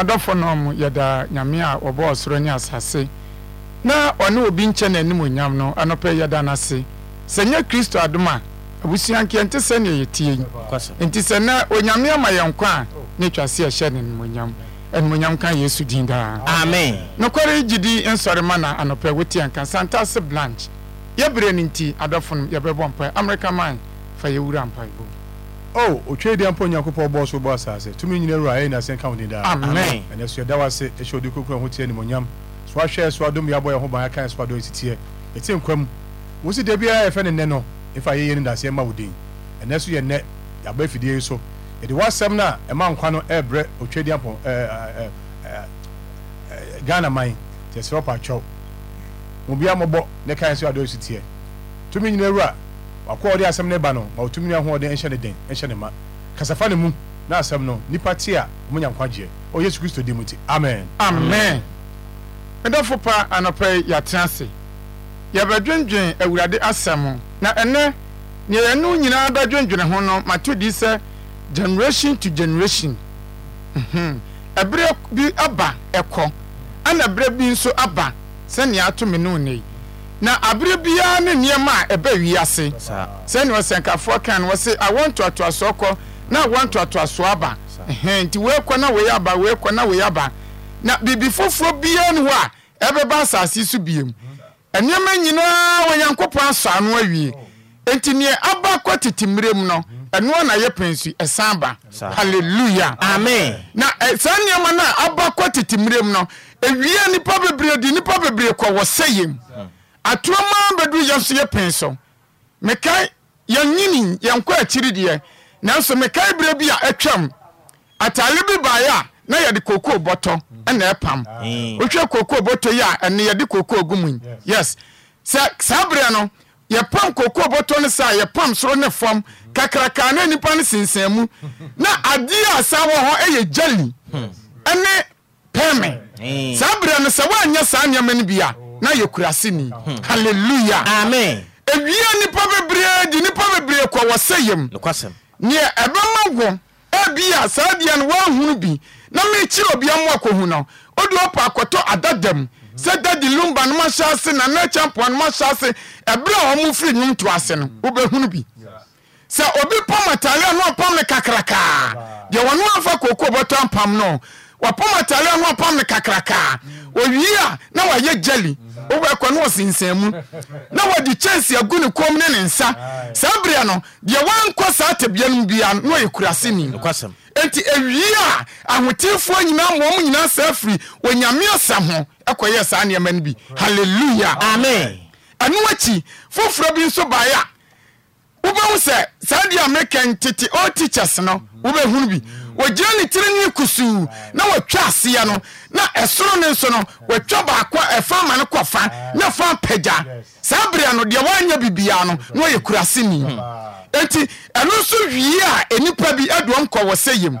adɔfo no ɔmo yɛda nyame a ɔbɔ ɔsoro ne asase na ɔne obi nkyɛn n'anim onyam no anɔpɛ yɛda n'ase sɛ nyɛ kristo adom a abusua nkeɛ nte sɛ nea yɛtie yi nti sɛ na onyame ama yɛn nkwa a ne twa se ɛhyɛ ne nimonyam animonyam ka yesu din daa amen nokware gyidi nsɔrema na anɔpɛ wotie nka santa santase blanche yɛbrɛ no nti adɔfo no yɛbɛbɔ mpae amerika man fa yɛwura mpaebom o oh, otwa edi ampa onyankopɔn bɔ so bɔ asase tumi nyina wura ɛyɛ nasen ka wo din daa amen ɛnɛ so yɛda wase ɛhyɛ odi kukura ho tiɛ nimonyam so ahwɛ so adom yɛabɔ yɛ ho ban aka yɛ so adɔ ɛtitiɛ ɛti nkwa mu wo si da biara yɛfɛ ne nnɛ no ɛfa yɛyɛ ne daseɛ ma wo din ɛnɛ so yɛ nnɛ yɛaba afidie yi so yɛde wasɛm no a ɛma nkwa no ɛɛbrɛ otwa edi ampa ghana man kyɛ sɛ ɔpa atwɛw mo biara mɔbɔ ne ka yɛ so adɔ ɛtitiɛ tumi nyina wura wakoa wɔde asɛm no ba no ma wɔtumi ne ahoɔden nhyɛ ne den nhyɛ ne ma kasafa ne mu na asɛm no nipa te a ɔmanya nkwagyeɛ ɔ yesu kristo di mu ti amen amen medɔfo pa anɔpɛ yi yɛatena ase yɛbɛdwendwen awurade asɛm na ɛnɛ nea yɛno nyinaa bɛdwendwene ho no mato di sɛ generation to generation mhm. ɛberɛ bi aba ɛkɔ ana ɛberɛ bi nso aba sɛnea ato me no nne yi na abere biara ne nneɛma a ɛbɛ wiase sɛnea ɔsɛnkafoɔ kan no wɔse awɔ ntoatoasoɔ kɔ na awɔ ntoatoasoɔ aba nti woekɔ na woe aba woekɔ na woe aba na biribi foforɔ biara no hɔ a ɛbɛba asase so biem nneɛma nyinaa onyankopɔn asɔ ano awie nti nea aba kɔ tete mmerɛ mu no ɛnoa na yɛ pɛnsu ɛsan ba hallelujah amen na saa nneɛma no a aba kɔ tete mmerɛ mu no ewia nipa bebree di nipa bebree kɔ wɔ sɛ yɛm atoɔma bɛduru yɛ so yɛ pɛn so mekae yɛnyini yɛnkɔ akyiri deɛ nanso mekae berɛ bi a atwam atare bi baeɛ a na yɛde kokoo bɔtɔ ɛna ɛpam wohwɛ kokoo bɔtɔ yi a ɛne yɛde kokoo gu mu yi yes sɛ saa berɛ no yɛpam kokoo bɔtɔ no sɛ yɛpam soro ne fam kakraka na nipa hmm. no sensɛn mu na adeɛ a saa wɔ hɔ ɛyɛ gyali ɛne pɛɛme saa berɛ no sɛ woanyɛ saa nneɛma no bi a na yɛ kuraseni hmm. halleluya amen ewia nipa bebree di nipa bebree kɔ wɔ sɛ yam neɛ ɛbɛma wɔ ebia saa deɛ no wɔahunu bi na mekyerɛ obia mmoa kɔhu no ɔde ɔpa akɔtɔ adadam hmm. sɛ dadi lumba no mahyɛ ase na na champoa no mahyɛ ase ɛberɛ a ɔmo firi nwom to ase no hmm. wobɛhunu bi sɛ obi pam atare a no ɔpam no kakrakaa deɛ wɔno amfa kookoo bɔtɔ ampam no wɔpam atare ho apam no kakrakaa owie a na wayɛ gyali wowɛkɔ ne ɔsensan mu na wɔde kyɛnse agu ne kom ne ne nsa saa berɛ no deɛ wankɔ saa tabia no bia na ɔyɛ kuraseni enti awie a ahotefoɔ nyinaa mmɔm nyinaa saa firi onyame ɔsɛm ho ɛkɔyɛɛ saa nneɛma no bi halleluya amen ɛno akyi foforɔ bi nso baeɛ a wobɛhu sɛ saa deɛ american tete all teachers no wobɛhunu bi wɔgyina ne tiri ne kusuu na wɔatwa aseɛ no na ɛsoro ne nso no wɔatwa baako ɛfa ma no kɔfa na fa pagya saa berɛ no deɛ wɔanyɛ bibiaa no na ɔyɛ kurase ni enti ɛno nso wie a nnipa bi aduɔm kɔ wɔ sɛ yam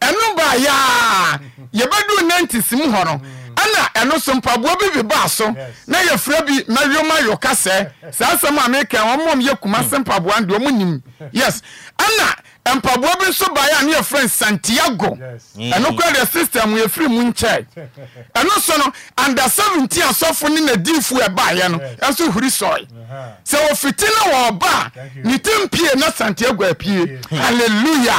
ɛno baayɛ yɛbɛduru nantis mu hɔ no ɛna ɛno so mpaboa bi bi baa so na yɛfrɛ bi na yoma yɔka sɛ saa asɛm a meka wɔn mom yɛ kuma hmm. se mpaboa no deɛ wɔn nim yes ɛna mpaboa bi nso baeɛ a ne yɛfrɛ no santiago hmm. ɛno kora deɛ system yɛfiri mu nkyɛn ɛno so no under seventeen asɔfo ne nadiifo ɛbaeɛ no ɛnso huri sɔre sɛ wɔfiti na wɔɔba a ne tim pie na santiago apue hmm. halleluya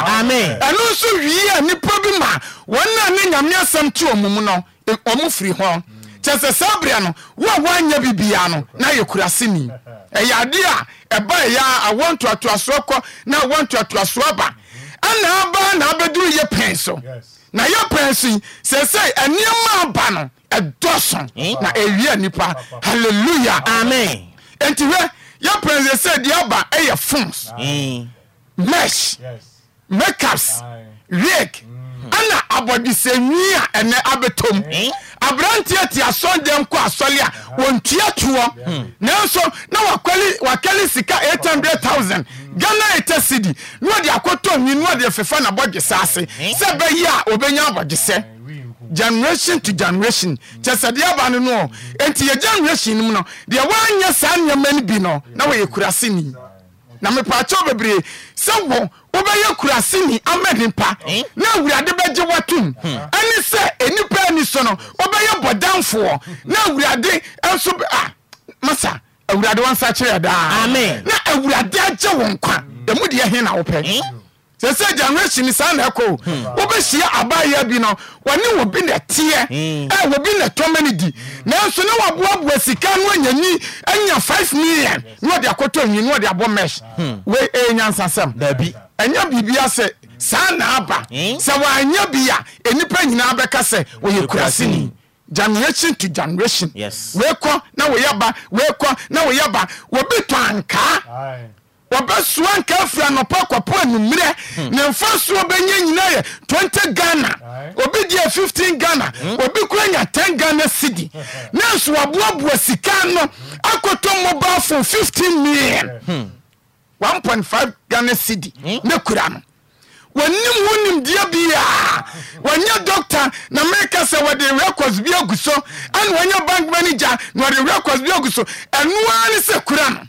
ɛno nso wie a nnipa bi ma wɔn a ne nyame asɛm te ɔmo mu no ɔmo firi hɔ kyɛ sɛ saa bere no wo a woanyɛ bibia no na yɛ kurase ni ɛyɛ adeɛ a ɛba ɛyɛ a awɔ ntoatoasoɔ kɔ na awɔ ntoatoasoɔ ba ɛna aba na abɛduru yɛ pɛn so na yɛ pɛn so yi sɛ sɛ ɛnneɛma aba no ɛdɔso na ɛwia nipa hallelujah amen nti hwɛ yɛ pɛn sɛ sɛ deɛ aba ɛyɛ fons mesh makeups wig. Mm. ana abɔdesɛnwi a ɛnɛ abɛtɔm eh? aberanteɛ te asɔndɛm kɔ asɔle a eh. wɔntua toɔ eh. nanso na wakɛle sika 800000 hmm. ghana ɛtɛ sidi na wɔde akɔtɔ nwi na wɔde fefa na bɔdwe ase sɛ bɛyi a wɔbɛnya abɔdesɛ generation to generation kyɛ aba no no enti yɛ generation no mu no deɛ woanyɛ saa nneɛma no bi no na wɔyɛ kurase ni na mepaakyɛw bebree sɛ wɔ wobɛyɛ kura sini eh? na awurade bɛgye watom hmm. ɛne sɛ enipa ani so no wobɛyɛ bɔdanfoɔ na awurade nso ah, masa awurade wansa kyerɛ daa na awurade agye wo nkwa ɛmu deɛ he na wopɛ eh? sɛ sɛ generation saa na ɛkɔ hmm. wobɛhyia abaayɛ bi no wɔne wɔ na teɛ ɛ wɔ na tɔma no di nanso ne wɔboaboa sika no anyanyi anya 5 million na wɔde akɔtɔ nwi na wɔde abɔ mesh hmm. wei ɛyɛ nyansasɛm ɛnyɛ biribia sɛ saa na aba eh? sɛ wanyɛ bi a nnipa nyinaa bɛka sɛ wɔyɛ kurasini generation to generation weekɔ na wɔyɛ ba weekɔ na wɔyɛ ba wɔbi tɔ ankaa wɔbɛsoa nkaa firi anɔpa kɔpo anummerɛ hmm. ne mfa soɔ bɛnyɛ nyinaa yɛ 20 ghana obi deɛ 15 ghana hmm. obi kora nya 10 ghana cidi nanso wɔboaboa sika no akɔtɔ mobile phone fifteen million hmm. 1.5 ghana cedi hmm? ne kura no wɔnim ho nimdeɛ bia wɔnyɛ doctor na mereka sɛ wɔde records bi agu so ane wɔnyɛ bank manager na wɔde records bi agu so ɛnoa ne sɛ kura no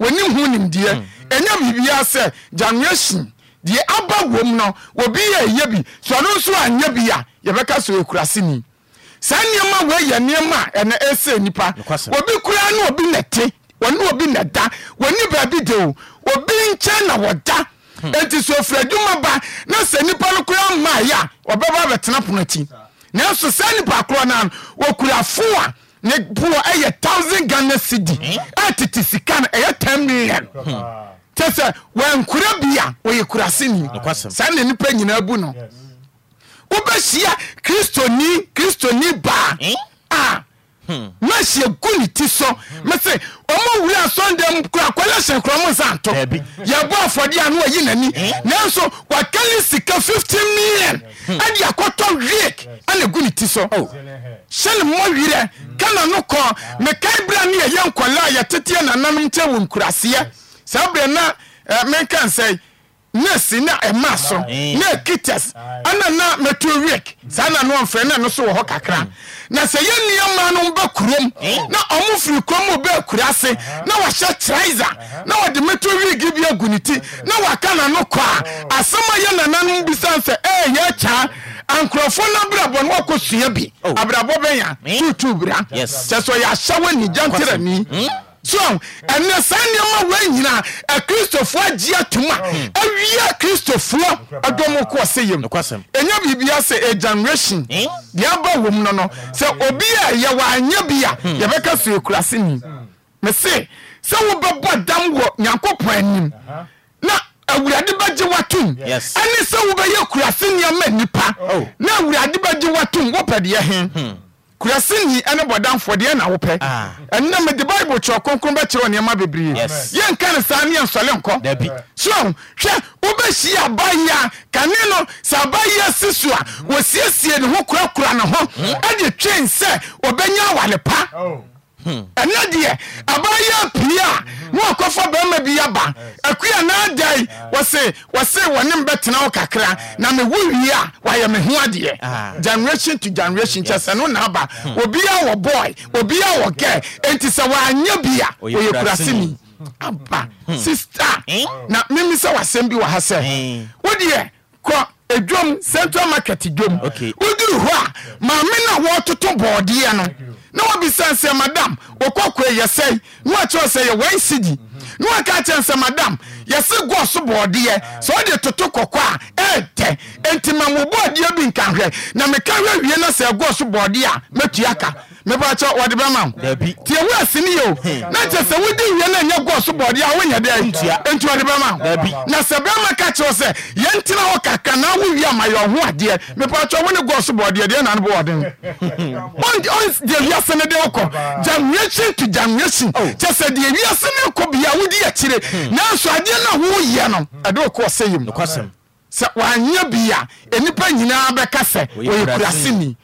wɔnim ho nimdeɛ hmm. ɛnyɛ biribia sɛ generation deɛ aba wom no obi yɛ ɛyɛ bi so ɔno nso anyɛ bi a yɛbɛka sɛ ɔyɛkura saa nneɛma wɔyɛ nneɛma a ɛna ɛsɛ nipa obi koraa ne obi nɛte wɔne obi nɛda wɔne baabi de o obi nkyɛn na wɔda hmm. eti so ofura adwuma ba na sɛ nipa no kura mmaa yi a ɔbɛba abɛtena pono akyi nanso saa nipa korɔ naa wɔkura foa ne poɔ ɛyɛ thousand ghana cedi hmm. a tete sika no ɛyɛ ten million hmm. kyɛ sɛ wɔnkura bi a wɔyɛ kurase ni saa na nipa nyinaa bu no wobɛhyia kristoni kristoni baa na hyɛ gu ne ti so mese ɔma wura sɔnda kurakɔlɛ hyɛ nkurɔmo nsa nto yɛbɔ afɔdeɛ a no wayi n'ani nanso wakale sika fifteen million ade akɔtɔ wiek ana gu ne ti so hyɛne mmɔ werɛ kana no kɔ mekae berɛ ne yɛyɛ nkɔlɛ a yɛteteɛ nananom nkyɛ wɔ nkuraseɛ saa berɛ na menka nsɛe nurse na ɛma so na kitas ɛna na meteoric saa na no ɔmfrɛ na no so wɔ hɔ kakra hmm. na sɛ yɛ nneɛma no ba kurom eh? na ɔmo firi kurom wɔ bɛɛ kura ase uh-huh. na wahyɛ traiser uh-huh. na wɔde meteoric bi agu ne ti na waka na no kɔ a oh. asɛm a yɛ nananom bisan sɛ ɛɛ eh, yɛ kyaa ankurɔfoɔ no abrabɔ no wakɔ sua bi oh. abrabɔ bɛnya tuutuu bra kyɛ sɛ ɔyɛ ahyɛwɔ anigya nterani so ɛnɛ saa nneɛma wɔ nyinaa akristofoɔ agye atom a awie mm. kristofoɔ adɔm kɔɔ se yam ɛnya biribia sɛ a generation mm. deɛ aba wɔ mu no no sɛ obi a yɛwɔ anyɛ bi a mm. yɛbɛka so yɛkura se ni me se sɛ wobɛbɔ dam wɔ nyankopɔn anim na awurade bɛgye watom ɛne sɛ wobɛyɛ kura se nneɛma nnipa oh. na awurade bɛgye watom wopɛdeɛ he hmm. kurasini ɛne bɔdanfoɔ deɛ ah. na wopɛ ɛnna mede bible kyerɛ kronkron bɛkyerɛ nneɛma bebree yɛnka ne saa ne yɛnsɔle nkɔ so hwɛ wobɛhyia abayɛ a kane no sɛ abayɛ si so a mm-hmm. wɔsiesie ne ho kurakura ne ho ɛde mm-hmm. twen sɛ wɔbɛnya awale pa oh. ɛnɛ deɛ abayɛ pii a na ɔkɔfa barima bi aba akua naadae wɔse wɔse wɔne mbɛtena wo kakra na mewo wie a wayɛ me ho adeɛ ah. generation to generation kyɛ sɛ no naaba hmm. obia wɔ boy obia wɔ gɛ enti sɛ wɔanyɛ bi a ɔyɛ kuraseni aba hmm. sista eh? na memi sɛ wasɛm bi wɔ ha sɛ eh. wodeɛ kɔ edwom central market dwom woduru hɔ a maame na wɔtoto bɔɔdeɛ no na wɔbisa sɛ madam wɔkɔkɔe yɛsɛe na wakyerɛ sɛ yɛ wɔn sigyi na waka kyerɛ sɛ madam yɛse gɔ so bɔɔdeɛ sɛ wode toto kɔkɔ a ɛɛtɛ enti ma mo bɔɔdeɛ bi nka hwɛ na meka hwɛ wie no sɛ ɛgɔ so bɔɔdeɛ a mɛtua ka mepaakyɛ wɔde bɛma nti ɛwo asini yi na kyɛ sɛ wodi wie no ɛnyɛ gɔɔ so bɔɔdeɛ a wonyɛ dɛ enti wɔde bɛma na sɛ bɛma ka kyerɛ sɛ yɛntena hɔ kakra na wo wie ama yɛ ɔho adeɛ mepaakyɛ wo ne gɔɔ so bɔɔdeɛ deɛ nane bɔɔden deɛ wiase ne de wokɔ generation to generation oh. kyɛ sɛ deɛ wiase ne kɔ bia wodi akyire hmm. nanso adeɛ no woyɛ no ɛde wokɔɔ sɛ yim sɛ wanyɛ bia ɛnipa nyinaa bɛka sɛ ɔyɛ kuraseni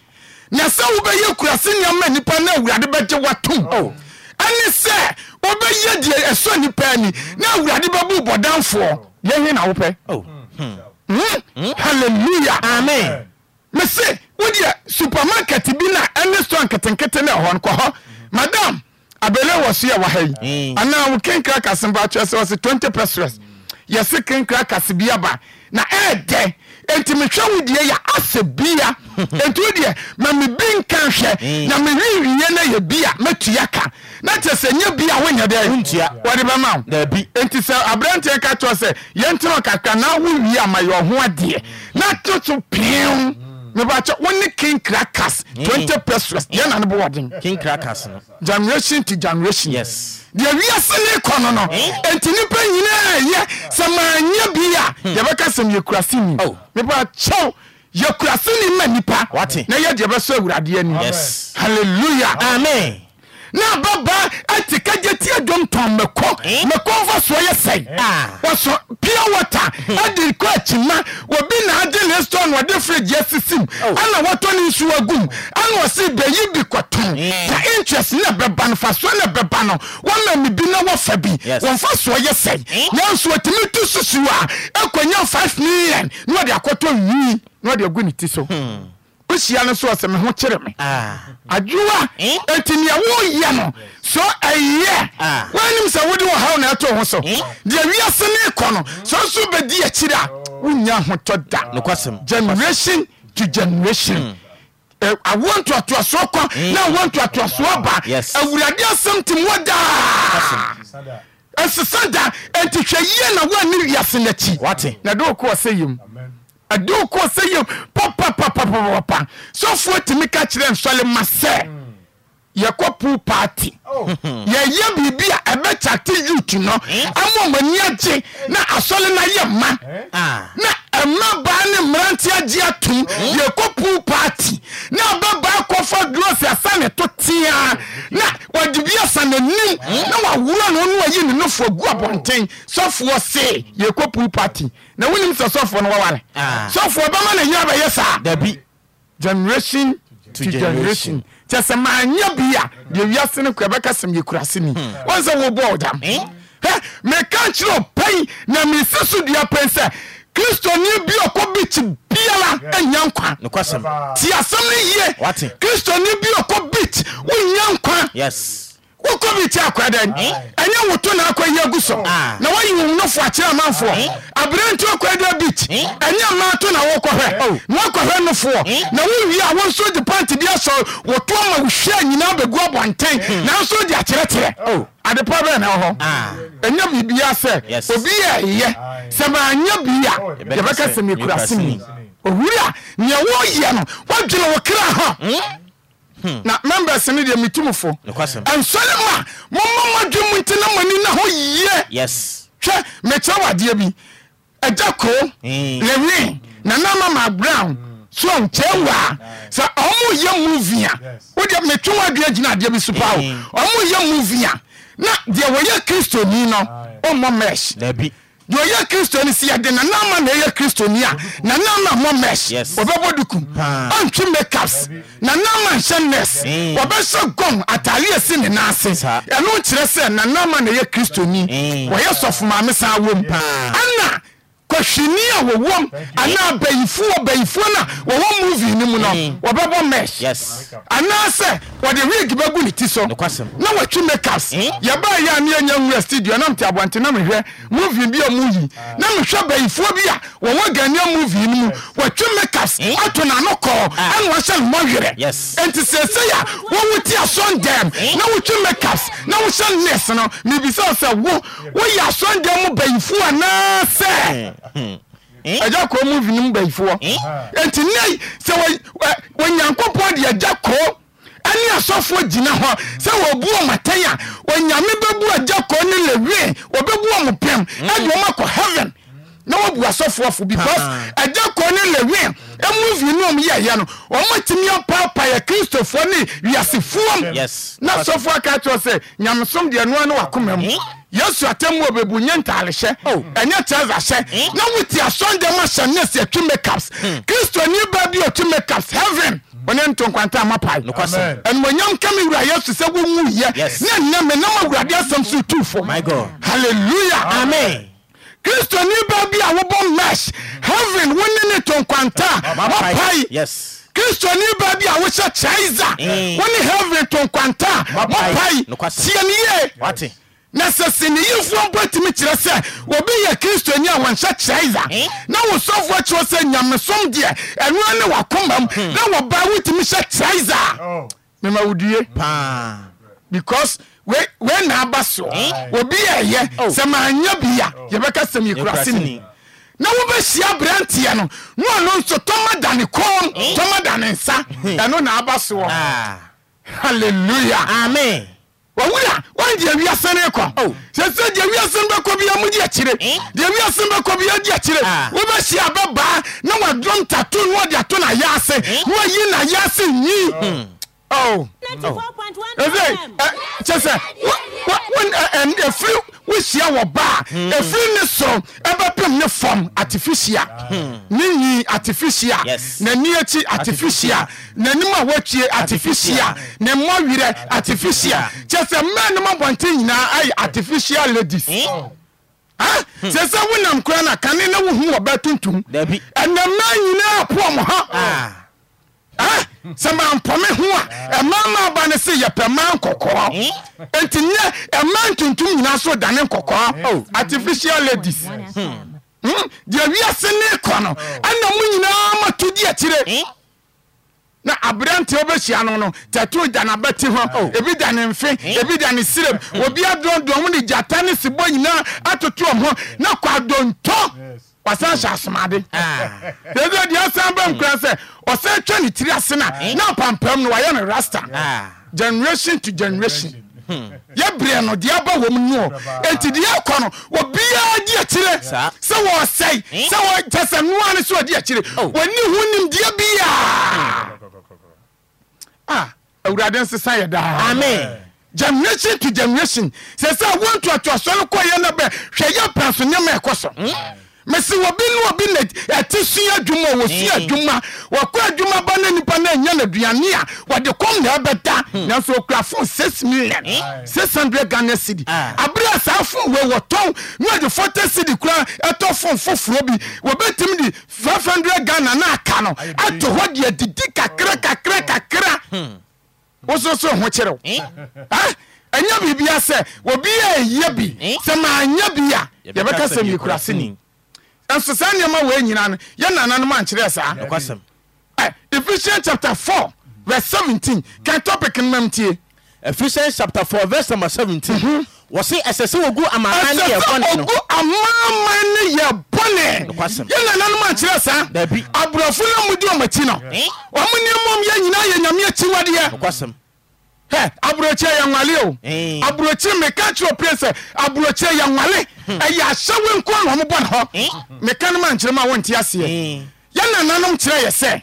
na sɛ wobɛyɛ kurase nneɛma nipa na awurade bɛgye watom oh. ɛne sɛ wobɛyɛ deɛ ɛsɔ nipa ani na awurade bɛbu bɔdamfoɔ yɛhe na wopɛ oh. hmm? hmm? halleluya amen mese wodeɛ supermarket bi na ɛne store nketenkete ne ɛhɔ no hɔ madam abele wɔ so yɛ waha yi hmm. anaa wo kenkra kase sɛ ɔse 20 pesres yɛse kenkra kase bi aba na ɛɛdɛ nti mehwɛ wo deɛ yɛ asɛ bia nti wo deɛ ma mebi nka hwɛ mm. na mewiwiɛ no yɛ bia mɛtua ka na kyɛ sɛ nyɛ bia wonyɛ dɛ wɔde bɛma wo nti sɛ aberanteɛ ka kyerɛ sɛ yɛntena kakra na wowie ama yɛ ɔho adeɛ na toto peew mm. mebakyɛ wo ne king crackers mm. twenty pesos deɛ na ne bowɔden king crackers generation to generation yes deɛ wiase ne kɔ no no eh? enti nipa nyinaa sɛ maanyɛ bi a hmm. yɛbɛka sɛm yɛkura sini oh. mepa kyɛw yɛkura sini ma nipa na yɛde yɛbɛsɔ awurade Hallelujah. halleluya amen na baba ati kagye ti adwom tɔn mɛkɔ eh? mɛkɔ nfa soɔ yɛ sɛn eh. ah. wɔsɔ pure water hmm. adi kɔ akyima obi na adi ne store na ɔde fridge asisi mu oh. ɛna wɔtɔ ne nsuo agum ɛna ɔsi bɛyi bi kɔtɔn na hmm. interest na bɛba no fasoɔ na bɛba no wɔn na bi na wɔfa bi wɔn fa soɔ yɛ sɛn eh? nanso otimi tu susu a ɛkɔnya five million na ɔde akɔtɔ nwi na ɔde agu ne ti so. Hmm wohyia no so ɔsɛ me ho kyere me ah. adwowa eh? enti nea woyɛ no so ɛyɛ ah. woanim sɛ wode wɔhaw na ɛto ho so eh? deɛ wiase ne kɔ no sɛ nso bɛdi akyiri a wonya ahotɔ da generation to generation hmm. awo ntoatoasoɔ kɔ hmm. na awo ntoatoasoɔ ba awurade asɛm te mu daa ɛsesa da enti hwɛ yie na woane wiase n'akyi na de wokɔ ɔsɛ yɛm ɛde wokɔ sɛ yam papapapapapa sɔfoɔ tumi ka kyerɛ nsɔle ma sɛ yɛkɔ pool party yɛyɛ biribi a ɛbɛkyate youth no ama ɔmani agye na asɔle no ayɛ ma eh? ah. na ɛma baa ne mmerante agye atom oh. yɛkɔ pool party na ɔbɛba n'anim na wawura na ɔno ayi ne nofo gu abɔnten sɔfoɔ se yɛkɔ pool party na wonim sɛ sɔfoɔ no waware ah. sɔfoɔ bɛma na yina bɛyɛ saa dabi generation to generation kyɛ sɛ maanyɛ bi a deɛ wiase no kora bɛka sɛm yɛkura se ni wɔn hmm. sɛ wobɔɔ dam eh? meka nkyerɛ ɔpɛn na mesi so dua pɛn sɛ ni bi ɔkɔ bikyi biara ɛnya nkwa ti asɛm no yie kristoni bi ɔkɔ bikyi wonya nkwa wokɔ bi ti akora dɛn ɛnyɛ woto na akɔ yi agu so na wayi wo nofo akyerɛ amanfoɔ aberɛnti akɔada beach ɛnyɛ ma to na wokɔhwɛ na wakɔhwɛ nofoɔ na wowie a wo nso de pante bi asɔ wɔtoɔ ma wohwɛ nyinaa bɛgu abɔnten nanso de akyerɛkyerɛ oh. adepa bɛɛ na ɛwɔ hɔ ah. ɛnyɛ biribia sɛ obi yɛ ɛyɛ sɛ maanyɛ bi a yɛbɛka sɛ mekura se mi owura nea wɔyɛ no woadwene wo kra hɔ Hmm. na members no deɛ metumfo ɛnsɔre ma momma madwe mu nti na mani na hɔ yɛ hwɛ mekyerɛ wadeɛ bi ɛgya koo hmm. lewe nanama ma brown so nkyɛ waa hmm. sɛ ɔmo yɛ movie a wodeɛ metwe wo adua gyina adeɛ bi so o ɔmo yɛ movie a na deɛ wɔyɛ kristoni no ah, ɔmmɔ mesh deɛ ɔyɛ kristo no si yɛde nanama na ɛyɛ kristo ni a nanama mmɔ mesh ɔbɛbɔ duku ɔntwe makeups nanama nhyɛ nes ɔbɛhyɛ gɔm atare asi ne nan ase ɛno nkyerɛ sɛ nanama na ɛyɛ kristo ni wɔyɛ sɔfo maame san wom ɛna kwahwini a wɔwɔm anaa abayifoɔ abayifoɔ na wɔwɔ movie no mu no wɔbɛbɔ mesh anaasɛ wɔde wig bɛgu ne ti so na wɔatwi makeups yɛbaa yɛ a ne yɛnya nwura studio na mte abɔnte na mehwɛ movie bi a muyi na mehwɛ abayifoɔ bi a wɔwɔ ghania movie no mu wɔatwi makeups ato n'ano kɔɔ ɛna wɔhyɛ mmɔwerɛ enti seesei a wɔwo ti asɔndɛm na wotwi makeups na wohyɛ nes no mebisa wo sɛ wo woyɛ asɔndɛm mu bayifoɔ anaasɛ eh. agya hmm. kuro mu mu hmm. sɛ de agya ɛne asɔfoɔ gyina hɔ sɛ wɔbu a bɛbu agya ne wɔbɛbu pɛm ɛde akɔ heaven na wɔbu asɔfoɔ fo because agya ne ɛmu no kristofoɔ ne wiasefoɔ na asɔfoɔ aka sɛ nyamesom deɛ noa wakoma mu hmm. yesu atɛmu wɔ bebu nye ntaalehyɛ oh. ɛnyɛ trouser hyɛ hmm? na wote asɔndɛm ahyɛ ne sɛ twi makeups hmm. kristoni ba bi ɔtwi makeups heaven ɔne ntonkwanta ama pae ɛnumonyam kama wura yesu sɛ wowu yɛ ne nnɛ me nam awurade asɛm so tufo Hallelujah. amen kristoni ba bi a wobɔ mesh heaven wone ne tonkwanta mapae kristoni baa bi a wohyɛ kyaiza hmm. wone heaven tonkwanta mapae tiɛ ne yie na sɛ siniyifoɔ mpo tumi kyerɛ sɛ obi yɛ kristoni a wɔnhyɛ kyerɛ ya eh? na wosɔfoɔ kyerɛ sɛ nyamesom deɛ ɛnoa ne wakoma m hmm. na wɔbaa wotumi hyɛ kyerɛ ya oh. mema wodue because wei na aba soɔ eh? obi ɛyɛ oh. sɛ maanyɛ bi a oh. yɛbɛka sɛm yɛkura se ni na wobɛhyia aberanteɛ no na ɔno nso tɔma da ne kɔn eh? tɔma da ne nsa hmm. ɛno na aba soɔ ah. halleluya amen wawura wọn di ewia sẹni kọ sẹsẹ di ewia sẹni bẹ kọ bi ẹmu di akyire di ewia sẹni bẹ kọ bi ẹmu di akyire wọn bẹ si abẹ baa na wọn dọm tatu wọn di ato na yaase eh? wọn yi na yaase yi ɛfɛ ɛ kyɛ wọn ɛ ɛ efiri wosia wɔ baa efiri ne soro ɛ. Eh, ne fam artificial hmm. ne yi artificial ni akyi artificial n'anim a wɔatwie artificial ne mma werɛ artificial kyɛ sɛ mmaa nom abɔnten nyinaa ayɛ artificial ladies sɛ sɛ wonam kora no kane na wohu wɔ bɛtontom ɛnɛ mmaa nyinaa poɔ mo ha sɛ mampɔme ho a ɛma ma ba no se yɛpɛ ma nkɔkɔɔ hmm? enti nyɛ ɛma e ntontom nyinaa so dane nkɔkɔɔ hmm. artificial ladies Hmm? deɛ wiase ne kɔ no oh. ɛna mo nyinaa ma to di akyire hmm? na aberante wobɛhyia no no tatoo da nabɛte hɔ oh. ebi da ne mfe hmm? ebi da ne serem obi adɔndɔm ne gyata ne sebɔ nyinaa atoto ɔm hɔ na kɔ adontɔ wasan hyɛ asomade ah. deɛ deɛ ɔsan bɛ nkura sɛ ɔsan twa ne tiri ase na ah. na pampam no wayɛ no rasta ah. generation to generation yɛ berɛ no deɛ aba wɔ m noɔ enti deɛ ɛkɔ no wɔbiaa di akyire sɛ wɔsɛe hmm? sɛ kyɛ sɛ noa no so ɔdi akyire oh. wɔni ho nimdeɛ biaa hmm. ah, awurade nsesa yɛ daa amen generation to generation sɛ sɛ wontoatoasɔre kɔyɛ no bɛ hwɛ yɛ pra so nyɛma ɛkɔ so hmm? mesi wɔbi ne obi na ɛte sua adwuma wɔsi mm. adwuma wɔkɔ adwuma ba no nipa no na naduane a wɔde kɔm na ɛbɛda mm. nanso ɔkura fon 6 million 600 eh? ghana cedi ah. aberɛ a saa fon wei wɔtɔn ne wɔde 40 cedi kora ɛtɔ fon foforɔ bi wɔbɛtumi de 500 ghana no aka no ato hɔ de adidi kakra kakra mm. kakra hmm. wososo ho kyerɛ wo eh? ɛnyɛ biribia sɛ obi a ɛyɛ bi eh? sɛ maanyɛ bi a yɛbɛka sɛ mikurase ni nso saa nneɛma wɔ nyinaa no yɛn nananom ankyerɛ saa ephesians chapter four verse seventeen kan topic no mam tie. ephesians chapter four verse number seventeen. Mhm. wɔsi ɛsɛ sɛ wogu amanaman ne yɛ bɔnɛ no. ɛsɛ sɛ wogu amanaman ne yɛ bɔnɛ. yɛn nananom ankyerɛ saa. dabi aburɔfo na mu di wɔn akyi no. Eh? wɔn nneɛma yɛ nyinaa yɛ nyame akyiwadeɛ hɛ aburokye yɛ nwale o aburokye meka kyerɛ pere sɛ aburokye yɛ nwale hmm. ɛyɛ ahyɛwe nko a wɔn bɔ ne hɔ meka no ma nkyerɛ ma wɔnte aseɛ yɛn nananom kyerɛ yɛ sɛ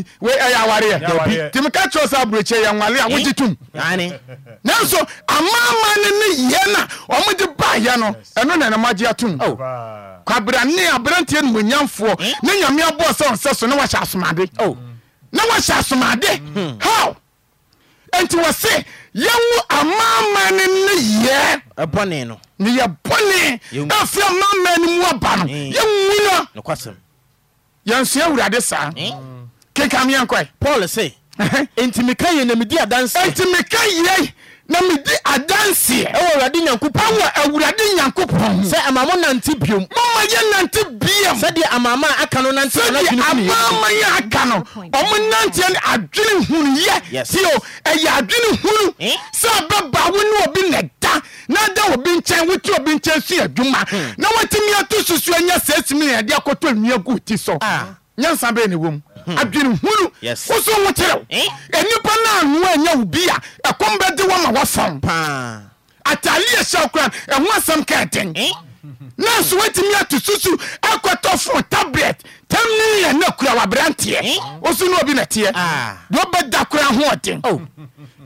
bi wei ɛyɛ awareɛ timi ka kyerɛ sɛ aburokyɛ yɛ nwale a wogye tom nanso amaama no ne yɛ na ɔmode baayɛ no ɛno na ɛnamagye atom oh. kwabrane aberanteɛ nomonyamfoɔ hm? ne nyame abɔɔ sɛ ɔnsɛ so na wahyɛ asomade oh. na wahyɛ asomade hmm. how ɛnti wɔ se yɛwo amaama no ne yɛ ɛbɔne no ne yɛ bɔne ɛfiri amaama no mu aba no hm. yɛwu no yɛnsoa awurade saa hm? keka meɛ nkɔe paul se enti meka yɛ na medi adanseɛ enti meka yɛ na medi adanseɛ ɛwɔ awurade nyankopɔn ɛwɔ awurade nyankopɔn sɛ ama mo nante biom mama yɛ nante biom sɛdeɛ amaama a aka no nante sɛdeɛ amaama yɛ aka no ɔmo nanteɛ no adwene hunuyɛ tio ɛyɛ adwene hunu eh? sɛ ɔbɛba wo ne obi na da na da obi nkyɛn wote obi nkyɛn so yɛ adwuma hmm. na watumi ato susua nya sɛ asimi na yɛde gu ti so ah. nyansa bɛɛ ne wɔ Hmm. adwene hunu woso wo kyerɛw ɛnipa no anoa anya wo bi a ɛkom bɛde wama woafam ataleɛ hyɛw kora ɛho asɛm ka ɛden eh? nanso woatumi ato susu akɔtɔ fo tablet tam ne yɛ na kura waberanteɛ eh? wo so ne obi na teɛ ah. deɛ wobɛda kora ho ɔden oh.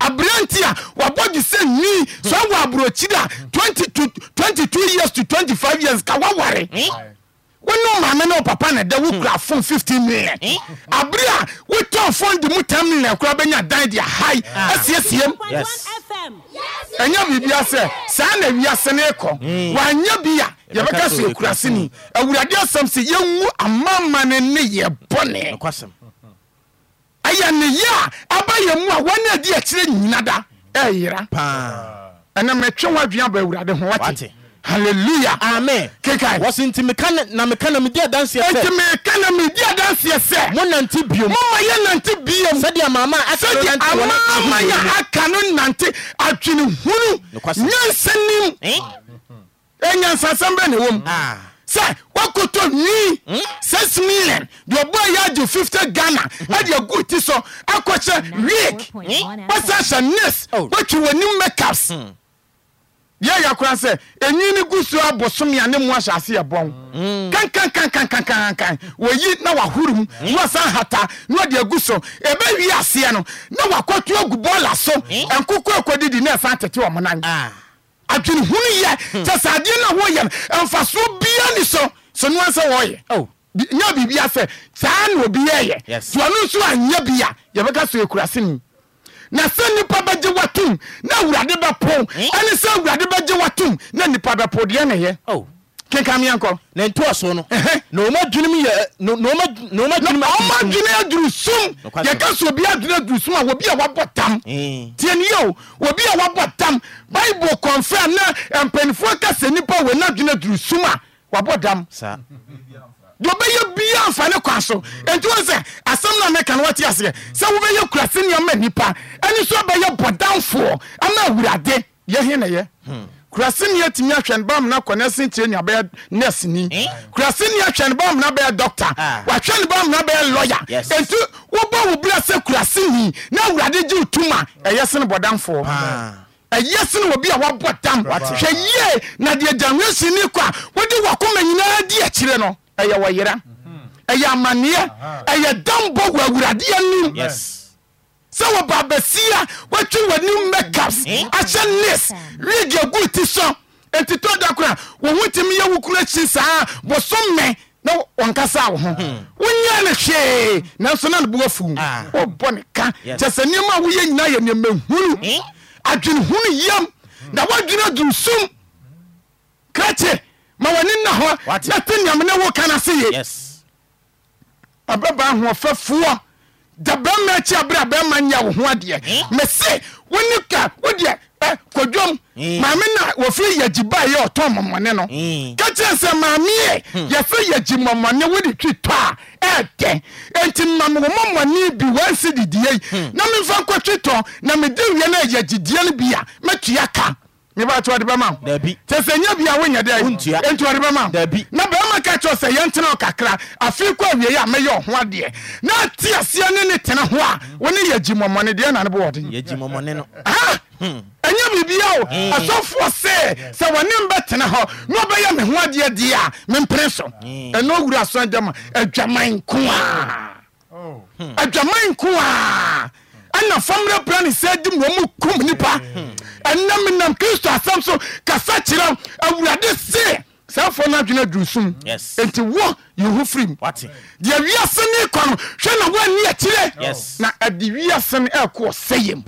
aberante a wabɔdwe sɛ ni so awɔ aborɔkyiri a 22 years to 25 years ka waware eh? wone maame ne papa na da wokura fon hmm. fifteen million eh? abere a wotɔn fon de mu 10 million kora bɛnya dan de ahai ah. asiesiem ɛnyɛ biribia sɛ saa na wiase ne kɔ hmm. wanyɛ bi a yɛbɛka sɛ ɛkura se ni awurade asɛm sɛ yɛnwu amamane ne yɛ bɔne ɛyɛ ne yɛ a aba yɛ mu a wɔne adi akyerɛ nyina da ɛyera ɛnɛ metwe ho adwea ba awurade ho wate hallelujah. amen. kíkà yi. wọ́n ti mìkan na mìkan na mi di adansi ẹsẹ̀. eti mìkan na mi di adansi ẹsẹ̀. mo nante biom. mo ma ye nante biom. sẹ́díà màmá akanu nante wọn náà ahun yẹn. sẹ́díà màmá yẹn akanu nante atwinihunu nyansanim. ẹ eh? eh, nyansansan bẹ́ẹ̀ ni wọ́n mu. Ah. sẹ́ wakoto nwi hmm? six million de ọbọ yẹ adi fifty ghana ẹdi hmm. egu ti sọ akọ̀ṣẹ́ wíìk wọ́n sẹ́ ṣe nurse oh. wọ́n ti wọ́n ní makeups. Mm. yɛ yɛ kora sɛ ɛnyi ne gu so abosome a ne mu ahyɛ kankan kankan kankan kankankankankankan wɔyi na wahoro mu mm. na wasan hata na wɔde agu so ɛbɛwie aseɛ no na wakɔto agu bɔɔla so mm. nkokɔ akɔdidi na ɛsan tete wɔn nan ah. adwene hunu yɛ kyɛ hmm. sɛ adeɛ no a wɔyɛ no ɛmfasoɔ bia ni so so no ansɛ wɔyɛ oh. nya biribia sɛ saa na obi yɛyɛ toa no nso anyɛ bi a yɛbɛka so yɛkura se ni na sɛ nipa bɛgye watom na awurade bɛpo hmm? ɛne sɛ awurade bɛgye watom na nipa bɛpo deɛ ne yɛ kenkameɛnkɔ na oh. ntoaso no na ɔma dwenem yɛ ɔma dwene aduru som yɛka sɛ obi adwene aduru som a wɔbi a wabɔ tam hmm. tienio obi a wabɔ tam bible kɔmfɛ na mpanifoɔ ka sɛ nipa wɔ na adwene aduru som a wabɔ dam deɛ biya bia mfa ne kwan so ɛnti wo sɛ asɛm no meka no wɔte aseɛ sɛ wobɛyɛ kurase nneɔma nnipa ɛne so abɛyɛ bɔdamfoɔ ama awurade yɛhe na yɛ hmm. kurasini atumi ahwɛ ne na kɔ ne sinkyire ni abɛyɛ nurse ni eh? kurasini ahwɛ ne bamuna bɛyɛ doctor ah. wahwɛ ne bamuna bɛyɛ lawyer etu wobɔ wo bira sɛ kurasini na awurade gye tuma ɛyɛ sini bɔdanfoɔ ah. ɛyɛ sini obi a wabɔ dam hwɛ yie na deɛ generation ni kɔ no ɛyɛ wɔyera ɛyɛ amanneɛ ɛyɛ dambɔ wɔ awuradeɛ nim sɛ wɔba bɛsi a wɔatwi w'anim makeups eh? ahyɛ nes wig agu ti so enti tɔ da kora wo ho tumi yɛ wo kuro saa bosom mɛ na wɔnkasa wo ho wonyɛ no hwee nanso na ne bo afu ah. wɔbɔ ne ka kyɛ sɛ nneɛma a woyɛ nyinaa yɛ nneɛma hunu eh? adwene hunu yam na woadwene aduru sum krakye ma wɔne na hɔ na te neam ne wo ka no se ye abɛba ahoɔfɛfoɔ da bɛrima akyi aberɛ a bɛrima nyɛ wo ho adeɛ eh? mese wone ka wodeɛ kwadwom eh. maame na wɔfiri yɛgyi baa yɛ ɔtɔ mmɔmmɔne no eh. ka kyerɛ sɛ maameɛ hmm. yɛfɛ yɛgyi mmɔmmɔne wode twi tɔ a ɛɛtɛ enti mam wo mmɔmmɔne bi wansi didiei hmm. na memfa nkɔtwe tɔ na mede wie no a yɛgyidie no bi a mɛtua ka meba kyɛ ɔde bɛma sɛ sɛ nya bia wonyɛ dɛ ɛnti ɔde bɛma na bɛrima ka kyɛw sɛ yɛntena kakra afei kɔ awie yɛ a mɛyɛ ɔho adeɛ na ate aseɛ ne ne tena ho a wo ne yɛ gyimɔmmɔne deɛ na ne bowɔde ɛnyɛ biribia o hmm. asɔfoɔ sɛ sɛ wɔne mbɛtena hɔ na ɔbɛyɛ me ho adeɛ deɛ a mempere so ɛno hmm. owura aso agyama adwaman e ko a adwaman oh. hmm. e ko ɛna family plan sɛ di mu wɔn kum nipa ɛnam nam kristo asam so kasa kyerɛ awurade se sáfọ náà dwene dùn sum nti wọ yehu firim deɛ wiase ne kɔ no na wɔn ni akyire na ɛde wiase no ɛkɔ sɛyɛ mu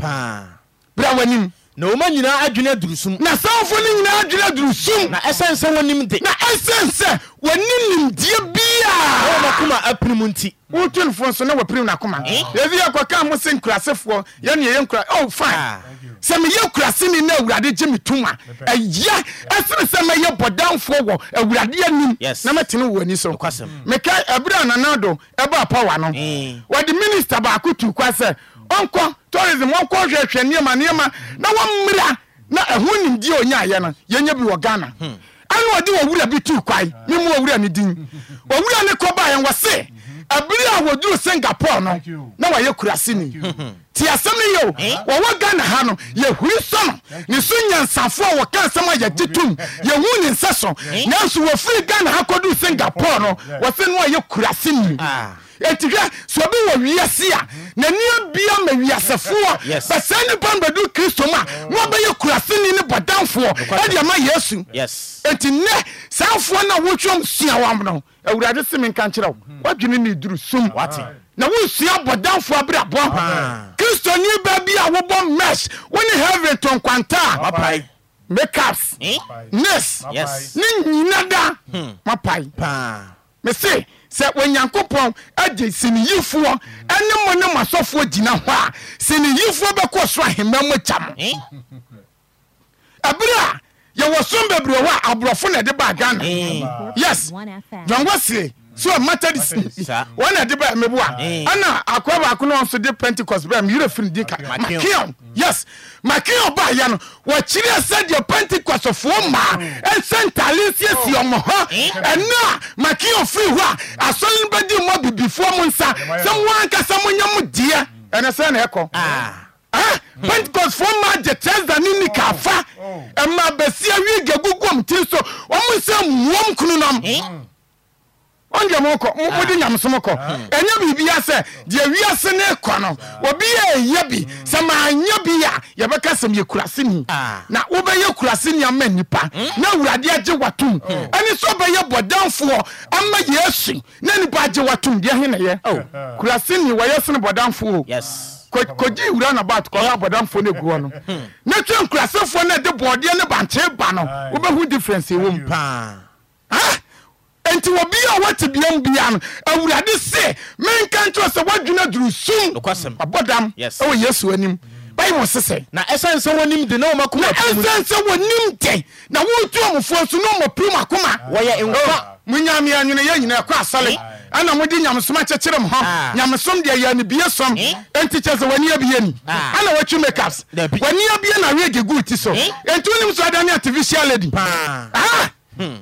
bra wɔn anim. na wɔma nyinaa adwene aduru sum na sawfo no nyinaa adwene aduru sum na ɛsiane sɛ wɔnim de na ɛsiane sɛ wɔne nimdeɛ biaa wɔmakoma apirim nti wotonfoɔ nso na wɔpirim nakoma eh? ɛfi yɛkɔka mo se nkurasefoɔ yɛne yɛyɛ nkura o oh, fine ah. sɛ meyɛ kuraseni na awurade gye me tom a ɛyɛ ɛsene sɛ mɛyɛ bɔdamfoɔ wɔ awurade anim na mɛtene wɔ ani so meka ɛberɛ a nanado ɛbaa pawa no eh. wɔde minista baako tu kwa sɛ ɔnkɔ tourism ɔnkɔ hwɛhwɛ nneɛma nneɛma na wɔmmra na ɛho nimdeɛ ɔnyaayɛ no yɛnya bi wɔ ghana hmm. ɛne wɔde wɔwura bi tuu kwae hmm. memu wɔwura no din hmm. wɔwura ne kɔbaeɛ wɔ se ɛbere a wɔduru singapore no na wɔyɛ kuraseni tiasɛmy wɔwɔ an ha n yhuri sn ne ya nsmfoɔan nafrian hasngapɛ raseninti ɛɔbɛw iase nanbia maiasfoɔ bsɛ nipɔnbd kristom aaɛyɛ kurasei n bɔdamfoɔmaysnnɛ safoɔnɔuare semekakerɛdwners na wosua bɔdamfo abrabɔ kristoni ba bi a wobɔ mes wone heaven to nkwanta a makeups nes ne nyina da hmm. mapae mese sɛ onyankopɔn agye siniyifoɔ ɛne mo ne mo asɔfoɔ gyina hɔ a siniyifoɔ bɛkɔ so ahemma mu gya mo ɛberɛ a yɛwɔ som bebree hɔ a aborɔfo na ɛde baa ghana yes dɔnwɔ so mata de hmm. si wɔna de bɛ mebo a ɛna akoa baako no nso de pentecost oh, oh. bɛ m yerɛ firi din ka makeon yes makeon baayɛ no wɔkyerɛ sɛdeɛ pentecostfoɔ maa ɛnsɛ ntale nsiesie ɔmɔ hɔ ɛno a makeon firi hɔ a asɔre no bɛdi mu abibifoɔ mu nsa sɛ moankasa monyɛ mo deɛ ɛnɛ sɛ na ɛkɔ pentecostfoɔ ma gye kyɛnsa ne nika afa ɛma bɛsia wie gagugu ɔm tiri so ɔmo sɛ muom kununom ɔndeɛ mokɔ ah. mode nyamesom kɔ ɛnyɛ ah. biribia sɛ deɛ wiase ne kɔ no ɔbia ah. ɛyɛ bi hmm. sɛ maanyɛ bi a yɛbɛka sɛm yɛ kuraseni na wobɛyɛ kuraseni ama nipa hmm? na awurade agye watom ɛne oh. sɛ ɔbɛyɛ bɔdamfoɔ ama yesu na nnipa agye watom deɛ heneyɛ oh. kuraseni wɔyɛ sene bɔdamfoɔ kɔgye wura na bat kɔhɔ hmm. abɔdamfoɔ no aguɔ no na twa nkurasefoɔ no ɛde bɔɔdeɛ ne bankye ba no hu difference ɛwɔ mu nti wɔbi wɔte biam bia no awurade sɛ menka nkyeɛ sɛ wadwena durosumyesunbble seɛɛɛsɛne sɛ wɔnim de na wotuamufoɔ so no mɔprom akomamnyamɛon yɛyina ɛkɔ sle ah. namode nyamesom kyekyere muh yasom deniɛɛnna Hmm.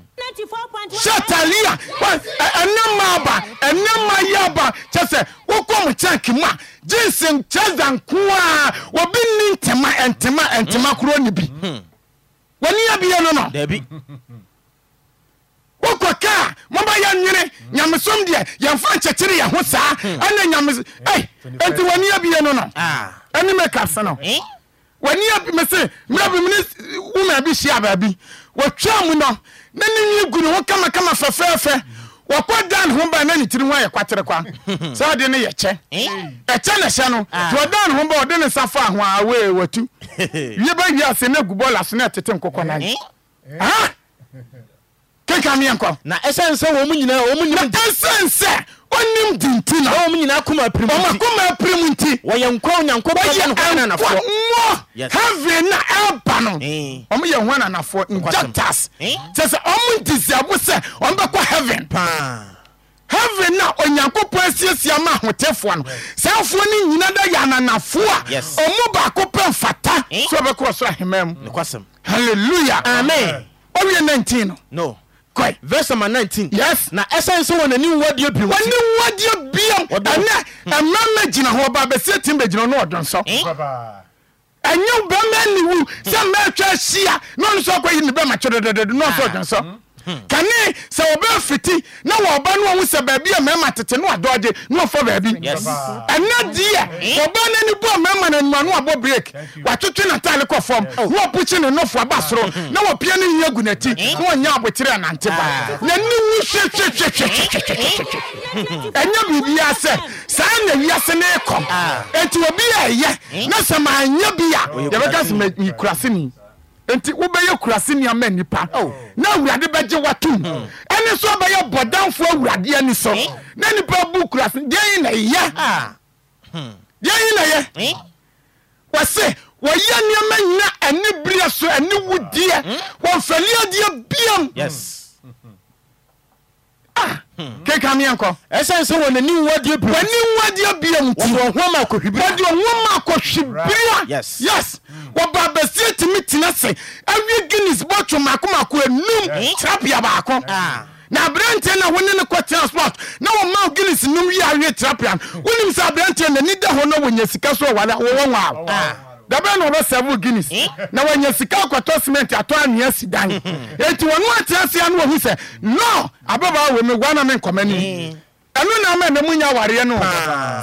satalia ɛnɛ eh, eh, eh, ma aba ɛnɛ ma yi aba kyɛ sɛ wokɔ mu kyɛnke mu a gyinsi nkyɛnza nko a obi ni ntoma ntoma ntoma hmm. kuro ni bi hmm. wɔni abiyɛ no no wokɔ kaa mɔba yɛ nwene nyamesom deɛ yɛmfa nkyɛkyere yɛ ho saa ɛna nyame ɛi enti wɔni abiyɛ no no ɛne ah. mɛka se no. Eh? w'ani abimi se mmerɛ bi mu ne wuma bi hyia baabi wɔtwa mu no na ne nwi gu ne ho kamakama fɛfɛɛfɛ wɔkɔ dan ho ba na ne tiri ho ayɛ kwatere kwa saa ɔde ne yɛ kyɛ ɛkyɛ na ɛhyɛ no nti ah. ɔdan ne ho ba ɔde ne nsa fa ahoa awee watu wie ba wie ase na gu bɔɔl ase na ɛtete nkokɔ no eh? ayɛ na ɛsiane sɛ wɔ mu di nti nawɔm nyinaa koma pirimɔmakoma pirim nti wɔyɛ nkwa onyankopɔn eh. yɛ na ɛba no ɔmoyɛ ho ananafoɔ na onyankopɔn esiesie ma eh. nyina da a baako eh? amen kɔe verse number nineteen. yes na ɛsɛn sɛ wɔn ani wadeɛ bi wɔn ani wadeɛ biam ɛnɛ ɛmɛmɛ gyina hɔ ɔba abɛsi etim bɛ gyina ɔno ɔdɔn sɔ ɛnyɛ bɛmɛ niwu sɛ mɛ atwa ahyia n'ɔno sɔ kɔ yi ne bɛma kyerɛdɛdɛdɛ n'ɔsɔ ah. ɔdɔn sɔ. Mm-hmm. Hmm. kane sɛ wɔbɛ fiti na wɔba no ɔwu sɛ baabi a mmarima tete no adɔgye na baabi ɛna hmm. di a no ani bɔ no anuma no abɔ break watwetwe kɔ na ɔpokye ne nɔfo aba soro hmm. na wɔpia ah. no yi ah. na ɔnyɛ abotere anante na wu hwehwehwehwehwehwehwehwehwehwehwehwehwehweh na na bi nti wobɛyɛ kurase nneɛma nipa oh. na awurade bɛgye watom hmm. ɛne nso bɛyɛ bɔdamfo awurade ani so eh? na nipa bu kurase deɛyi na ɛyɛ hmm. deɛyi na ɛyɛ eh? wɔse wɔyɛ nneɛma nyina ɛne bereɛ so ɛne wudeɛ hmm. wɔmfɛleadeɛ biam yes. keka meɛnkɔ ɛsiane sɛ wɔnani wɔn di wadeɛ biam tiwɔde ɔwoma akɔhweberea yes wɔba basie tumi tena se awie guinness mako mako enum trapia baako na aberante na wone no kɔ transport na wɔma guinness nom yi awie trapia wonim sɛ aberantɛ nani da hɔ no wɔnya sika so wɔwɔ wa dabɛ na ɔbɛ sɛvo guinness hmm? na wanya sika akɔtɔ cement atɔ anea si dan hmm. enti wɔno atea sea no wahu sɛ no ababaa wɔ me wana me nkɔma ni hmm. ɛno na ma ɛnamu nya awareɛ no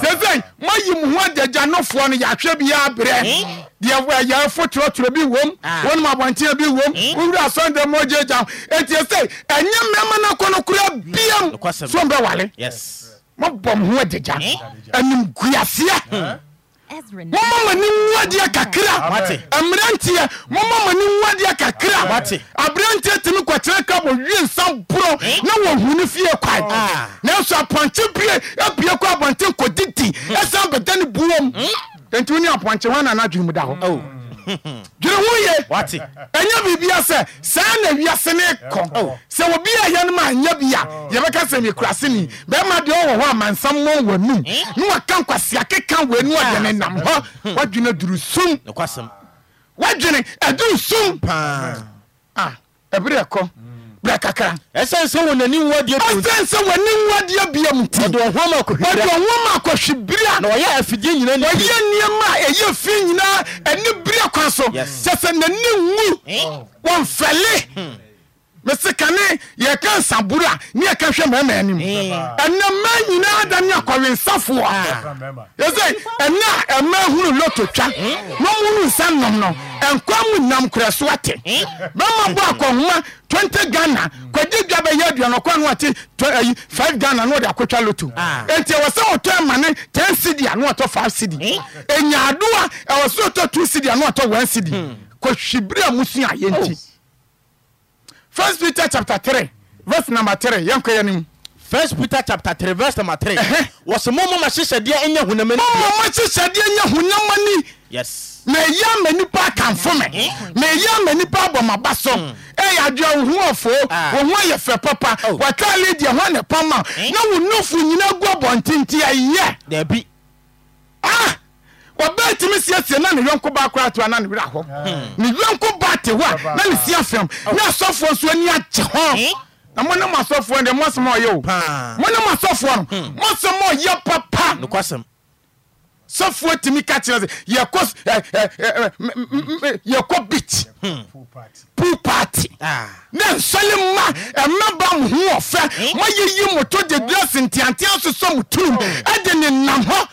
sɛsɛn moayi mo ho agyagyanɔfoɔ no yɛahwɛ biaa berɛ deɛ yɛfo twerɛtwerɛ bi wom ah. wonom abɔntea bi wom wowura asɔndɛ mɔgyagya enti ɛsɛ ɛnyɛ mmarima no akɔ no biam so mbɛwale mobɔ mo ho agyagya animguaseɛ mọ́mọ́ mani nwadeɛ kakra mmeranteɛ mọ́mọ́ mani nwadeɛ kakra aberanteɛ tèmi kɔkyerɛ ka wɔ wie nsa borɔ eh? na wɔ hu ne fie kwan ah. nanso apɔnkye bie abie kɔ abɔnten kɔ didi ɛsan hmm. bɛda ne buwom hmm? nti wo ne apɔnkye hɔ na n'adwene hɔ dwere ho ye ɛnya biribia sɛ saa na wiase ne kɔ sɛ obia yɛnom anyɛ bi a yɛbɛka sɛ mikuraseni bɛma deɛ ɔwɔ hɔ amansam mɔ w'anum eh? na waka nkwasea keka w'anu ɔde ne ah. nam hɔ hmm. woadwene durusum woadwene adurusum eh, ah, ɛberɛ ɛkɔ bra kakra ɛsɛn sɛ wɔ n'ani nwa deɛ biam ɛsɛn sɛ wɔ n'ani nwa deɛ biam ti ɔde ɔhoma akɔhwibira ɔde ɔhoma akɔhwibira na ɔyɛ afidie nyinaa ni ɔyɛ nneɛma a ɛyɛ fi nyinaa ɛni biri akwa so kyɛ sɛ n'ani nwu eh? wɔn fɛle. Hmm mesi kane yɛka nsaboro a ne yɛka hwɛ mmarima anim ɛnɛ eh. mmaa nyinaa da ne akɔwensafoɔ ah. yɛsɛ ɛnɛ a ɛma hunu lototwa eh. na ɔmohunu nsa nom no ɛnkwa mu nam korɛsoa te bɛma eh. bɔ akɔnhoma 20 ghana kɔgye dwa bɛyɛ aduanɔkɔ no ate 5 ghana na ɔde akɔtwa loto ah. enti ɛwɔ sɛ wɔtɔ ma ne 10 cidi a na wɔtɔ 5 cidi ɛnyaadoa ɛwɔ sɛ wɔtɔ 2 cidi a na wɔtɔ 1 cidi kɔhwibere a musua yɛ nti first peter chapter three verse number three yẹn kọ yẹn ni mu. first peter chapter three verse number three. wɔsi mo mo ma hyehyɛdeɛ nye hunamani. mo mo ma hyehyɛdeɛ nye hunamani. yes. mɛ eya mɛ nipa kanfo mɛ mɛ eya mɛ nipa abɔmaba sɔn ɛyɛ hmm. adu ohun ɔfo ohun ayɛ fɛ papa wɔtɔ ale deɛ hɔn ne pama na wɔn nufu nyinaa gu abɔntinti ayɛ. dɛbi. ah ɔbaa tumi siesie na ne yɔnko baa koraa to a na ne werɛ hɔ ne yɔnko baa te hɔ a na ne si afam na asɔfoɔ nso ani agye hɔ na mo ne mo asɔfoɔ deɛ mo asɛm a o mo ne mo asɔfoɔ no hmm. mo asɛm a ɔyɛ papa nokwasɛm sɔfoɔ tumi ka kyerɛ sɛ yɛkɔ yɛkɔ beach hmm. pool party na nsɔle ma ɛmɛba mo ho ɔfɛ mo yɛyi mo to de dress nteantea sosɔ mo turum ɛde ne nam hɔ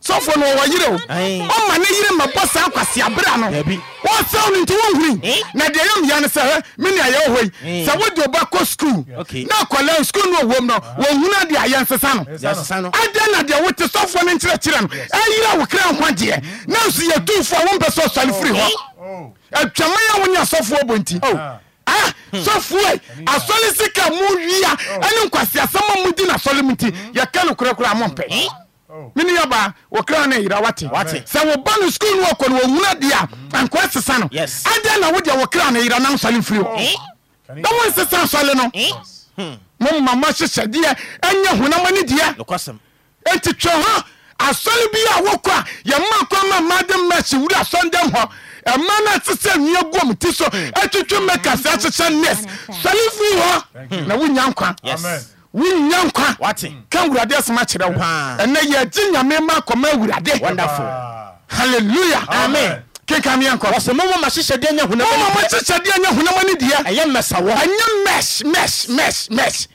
sọfọ na ọwọ yire o ọma ne yire ma bọ saa akwasi abira no wọn sẹwọn ni nti wọn huri na deɛ yɛ mmea no sɛ ɛ mi ni ayɛ wɔ yi sɛ wodi ɔba kɔ sukuu na akɔla sukuu no ɔwɔ mu no ah. wɔn hun adi ayɛ nsesa no adiɛ na deɛ wote sɔfo ne nkyerɛkyerɛ no ɛyira wɔ kira na nso yɛ tuufo a wɔn mpɛ sɛ ɔsɔre firi hɔ atwama yɛ wɔn nyɛ sɔfo ɔbɔ nti oh. ah, sɔfoɔ hmm. asɔre sika mu wia oh. ɛne nkwasi asɛm a mu di na asɔre mu nti hmm. yɛ kɛ no korakora amɔ mpɛ. mene yɛbaa wɔkra no ayera wate sɛ woba no mm. skul no wɔkɔ no wɔwuna de a ankoa sesa no adɛn na wode wɔkra no yera na nsɔle mfiri hɔ eh? na wonsesa nsɔle no eh? moma hmm. ma hyehyɛdeɛ ɛnyɛ honama no deɛ enti twɛ ho asɔre bi a wokɔ a yɛma kɔma made match wura asɔndɛm hɔ ɛma no ɛte sɛ nnua guom ti so atwitwe hmm. mɛkasɛ ahyehyɛ nes sɔle mfiri hɔ na wonya nkwa wonya nkwa ka awurade asoma kyerɛ wo ɛnɛ yɛgye nyame ma akɔma awurade ah. halleluya amen kenka me yankɔ wɔsɛ mɔmɔ ma hyehyɛdeɛ nyɛ hunama mɔmɔ ma hyehyɛdeɛ nyɛ hunama ne deɛ ɛyɛ mmɛsawɔ ɛnyɛ mesh mesh mesh mesh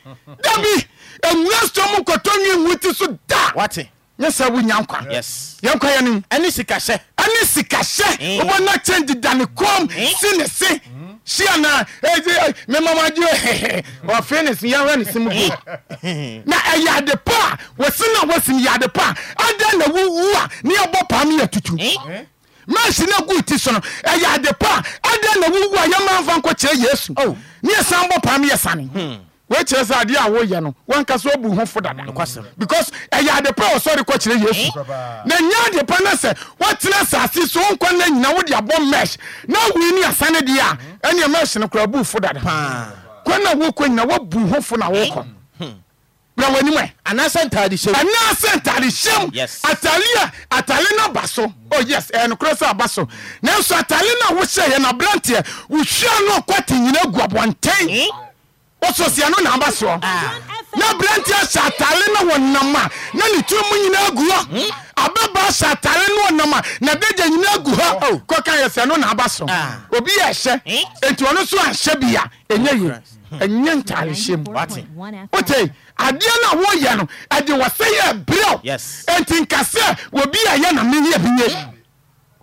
dabi ewura sɔmu kɔtɔ nwi nwi ti so da wate nyɛ sɛ wo nya nkwa yes yɛnkwa yɛ ne ɛne sikahyɛ ɛne sikahyɛ wobɔ eh. na kyɛn deda ne kɔm eh si ana eti mmemamaji ɔfe ne si yɛhwɛ ne sim gu na ɛyɛ ade pa a wɔsi na wɔsi yɛ ade pa a adan na wuwu a ne yɛbɔ paami yɛ tutu eh? mɛnsi na gu ti so no ɛyɛ ade pa a adan na wuwu a yɛmanfa nkɔ kyerɛ yesu ne yɛsan bɔ paami yɛ sani. Hmm wɔkyerɛ sɛ adeɛ a woyɛ no wanka sɛ wobu ho fo dada because ɛyɛ ade pa wɔsɔre kɔkyerɛ yesu na nya ade pa no sɛ woatena asase so wonkwa no nyina wode abɔ mesh na woi ne asane deɛ a ɛneɛ mesh no koraa bu fo dada kwan na wokɔ nyina woabu ho fo na wokɔ hmm. bra w'anim ɛ anaasɛ ntaade hyɛm anaasɛ ntaade hyɛm atale a atale no aba so oh yes ɛyɛ nokorɛ sɛ aba so nanso atale no a wohyɛ yɛ naberanteɛ wohwia no ɔkɔte nyina agu abɔnten hmm wɔsɔ sia no naba soɔ na aberanteɛ hyɛ atare na wɔnam a na ne tirim nyinaa agu hɔ ababaa hyɛ atare na wɔnam a na dagya nyinaa agu hɔ kɔka yɛ no naba soɔ obi yɛ ɛhyɛ enti ɔno so anhyɛ bi a ɛnyɛ yie ɛnyɛ ntarehyɛ mu wote adeɛ no a wɔyɛ no ɛde wɔsɛ yɛ berɛw enti nka sɛ wɔbi a ɛyɛ na meyɛ bi nye hmm.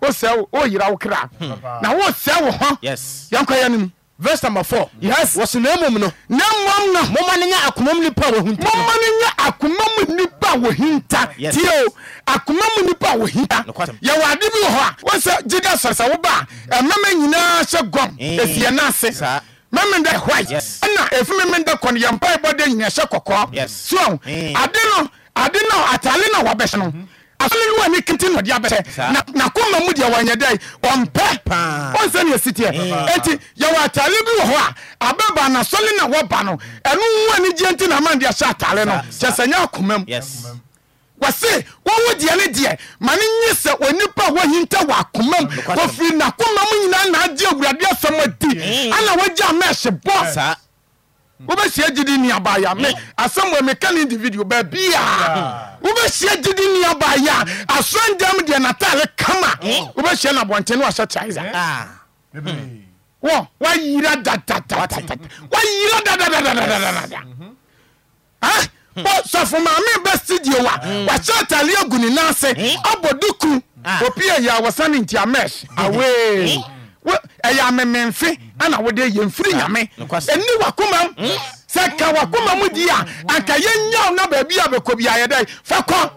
o woyera wo kra hmm. na wosɛ o hɔ yɛnkɔyɛ no mu Verse number four. yes wɔsi na emom no. na emom no. mɔmɔ ni nye akumam nipa wɔ hinta. mɔmɔ ni nye akumam nipa wɔ hinta. yes tiɛ o akumam nipa wɔ hinta. yɛwɔ adi bi wɔ hɔ a wɔn sɛ jide sarisawo ba ɛmɛmɛ nyinaa hyɛ gɔm eh. efiɛ n'ase. mɛmɛ dɛ white. yes ɛna efi mɛmɛ dɛ kɔni yɛn mpa ɛbɔ dɛ nyina hyɛ kɔkɔɔ. yes so eh. ade no ade no atale na wabɛhyɛ no afele ni wa ni kiti na ɔde abɛhyɛ na na kɔma mu deɛ wɔnyɛ dɛ ɔmpɛ ɔnsɛ ne esi teɛ eti yɛwɔ ataale bi wɔ hɔ a abɛba na sɔle na wɔba no ɛnu wa ni gye nti na ama deɛ hyɛ ataale no kyɛ sɛ nyɛ akoma mu wɔse wɔwo deɛ ne deɛ ma ne nye sɛ onipa wɔhinta wɔ akoma mu wɔfiri n'akoma mu nyinaa na agye awurade asɛm adi eh. ana wɔgye ama bɔ wobɛhyia gyidi nneabaayɛ me asɛm wɔ meka ne individual baabia wobɛhyia gyidi nneabaayɛ a asɔngyam deɛ natale kama wobɛhyia no abɔnten ne wahyɛ kyaiza wɔ wayira dadadadada wayira dadadadadadada sɔfo maame bɛsi deɛ wa wahyɛ atale agu ne nan ase abɔ duku opi ɛyɛ awɔsa ne ntiamesh awee ɛyɛ amememfe ana wode yɛ mfiri ah, nyame ɛni wakoma hmm? sɛ ka wakoma mu di a anka yɛnyaw na baabi a bɛkɔ biayɛ dɛ fa kɔ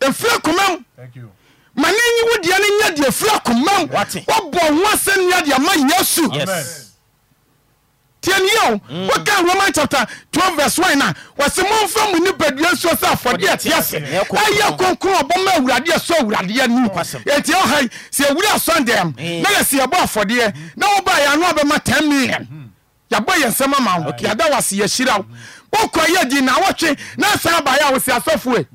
ɛmfiri akoma m ma ne nyi wo deɛ no nya deɛ firi akoma m wobɔ ho asɛnnua deɛ ma nya su tiɛni yɛ o mm. woka roman chapter twelve verse one na wɔsi mo nfa mu ni bɛdua nsuo sɛ afɔdeɛ ti ɛsɛ ɛyɛ kunkun ɔbɔnma awuradeɛ ɛsɔ awuradeɛ nu eti ɔha yi sɛ ewura sɔndɛm mm. na yɛ si ɛbɔ afɔdeɛ na wɔba yɛ ano abɛma ten million mm. yabɔ yɛn nsɛm ama wo yada wasi yɛ hyira wo wokɔ yɛ di na awɔtwe na san abayɛ a wosi asɔfo yi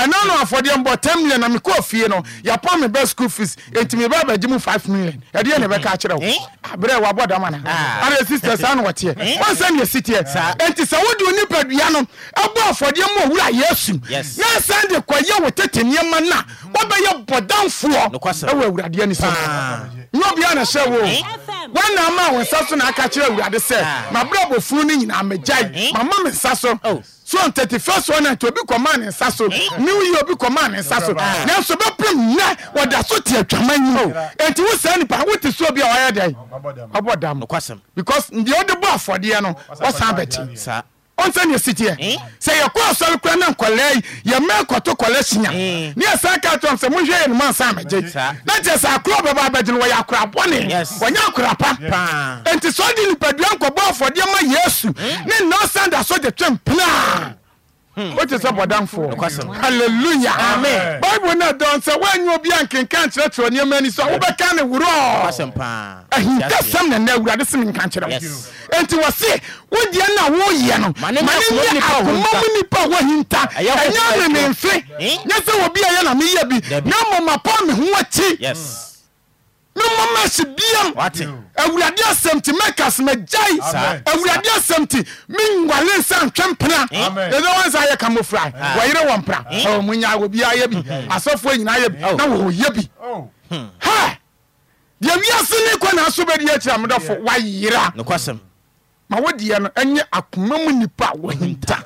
ɛna no afɔdeɛ mbɔ ten million na mekɔɔ fie no yɛpɔ me bɛ school fees enti meba bɛgye mu five million ɛdeɛ ne bɛka kyerɛ wo aberɛ wabɔ dama no ana sister saa na wɔteɛ wɔnsɛ neɛ siteɛ enti sɛ wode wo nipadua no ɛbɔ afɔdeɛ ma owura yɛasum na san de kɔyɛ wo tete nneɛma no a wobɛyɛ bɔdamfoɔ ɛwɔ awuradeɛ no sɛ nyɛ obia na hyɛ wo wana ma wo nsa so na aka kyerɛ awurade sɛ mabrɛ bɔfunu no nyinaa magyae mama me nsa so so on thirty first one night obi kɔmaa ne nsa so eh? new year obi kɔmaa ne nsa so nanso bɛpem nna wɔda so te atwama yi o nti wo saa nipa wo te so bi a ɔyɛ dɛ ɔbɔ dam because deɛ ɔde bɔ afɔdeɛ no ɔsan bɛte ɔnsa eh? eh. ne ɛsiteɛ sɛ yɛkɔ asɔre kora ne nkɔlɛ yi yɛma kɔto kɔlɛ sinya ne yɛsa ka tɔm sɛ monhwɛ yɛ noma nsa amagye na kyɛ sɛ akora bɛba abɛgye no wɔyɛ akora bɔne wɔnyɛ akora pa enti sɛ ɔde nipadua nkɔbɔ afɔdeɛ ma yesu eh? ne nna ɔsanda so de twem penaa o ti sɛ bɔdanfoɔ hallelujah amen bible na dɔn sɛ wɔanyɛ obi a nkenkan kyerɛkyerɛ nneɛma ni so wobɛka ne worɔ ahintasɛm na na awurade se me nka nkyerɛ wo enti wɔ se wodeɛ no a woyɛ no ma ne akoma mu nipa a woahinta ɛnyɛ me memfe eh? nyɛ sɛ obi a yɛ na meyɛ bi na mmɔmapa me ho akyi memo mɛhye biam awurade asɛm te makas magyae awurade asɛm te menwale nsa ntwɛ mpena ɛdɛ wɔn nsa yɛ kamofra wɔyere wɔ mpra munya obiaa oh. yɛ bi asɔfoɔ nyinaa yɛ bi na wɔyɛ bi ha deɛ wiase ne kɔ naaso bɛdi akyira medɔfo wayera ma wodeɛ no ɛnyɛ akoma mu nipa a wɔhinta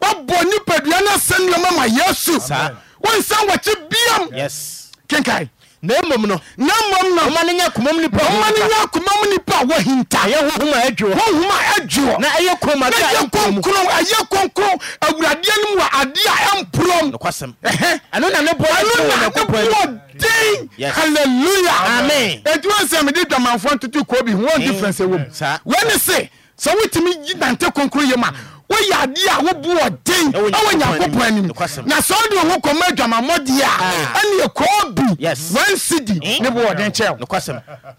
wɔbɔ nipadua no asɛnneɔma ma yesu wonsan wɔkye biam kenkae na no na no ɔma no nya komam nipa ɔma no nya komam nipa wɔhinta ɛyɛ honhom a ɛdwo honhom a ɛdwo na ɛyɛ krom adeɛ ɛyɛ konkron ɛyɛ konkron awuradeɛ no mu wɔ adeɛ a ɛmporom nokwasɛm ɛno na ne bɔ ɛno na ne bɔ den halleluya amen ɛnti wɔn sɛ mede dwamanfoɔ ntoto kɔɔ bi ho wɔn difference ɛwɔ mu wɔn ne se sɛ wotumi nante konkron yɛ mu a mm woyɛ adeɛ a wobu ɔden ɛwɔ nyankopɔn anim na sɛ wode wo kɔma adwamammɔdeɛ a ah. ɛneɛ kɔɔ bi wansidi eh? ne boɔden kyɛw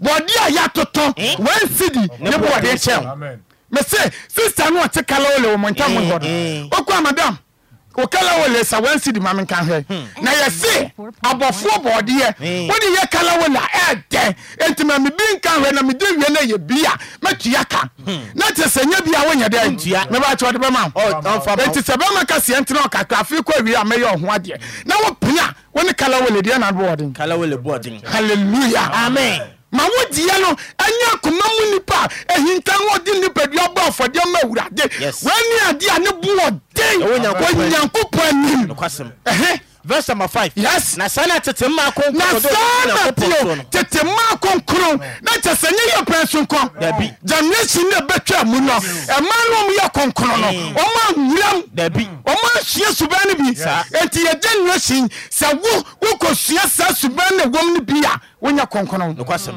bɔɔde a yɛatotɔ eh? wansidi ne boɔden kyɛw mese sista no ɔte kala ole wɔ mɔntamɔ eh, hɔ no ɔkua madam okala wele sa wọn si di maame nkan hmm. hwɛ na yɛsi abɔfoɔ bɔɔdeɛ wɔde yɛ kala wele a ɛɛdɛ ntoma mi bi nkan hwɛ na mi di wie na yɛ bia mɛtua ka hmm. na te sɛ nye bia wɔnyɛ dɛ mɛ b'a kyɛw de bɛ ma eti sɛ bɛɛ ma ka seɛ ntena ɔkakra afi kɔ wie a mɛ yɛ ɔho adeɛ na wɔ pina wɔne kala wele deɛ na bɔɔden hallelujah amen ma wo diɛ no akoma mu nipa a ɛhintan wɔde nipadua bɔ afɔdeɛ ma awurade wɔani adeɛ a ne bo ɔden onyankopɔn anim ɛhe verse number five. yes. na sanni a tètè mma kónkóró do na kónkóró. tètè mma kónkóró na tẹsán yẹ yẹ pẹ̀sùn kan. dabi. generation de bẹ twẹ mu nọ ẹ̀ma náà mu yẹ kónkóró nọ ọmọ awuram. dabi. ọmọ asua suban bi. saa. yẹ generation sẹ wo wo kò sua sẹ suban wọm ni bi ya wonya kɔnkɔn nokwasɛm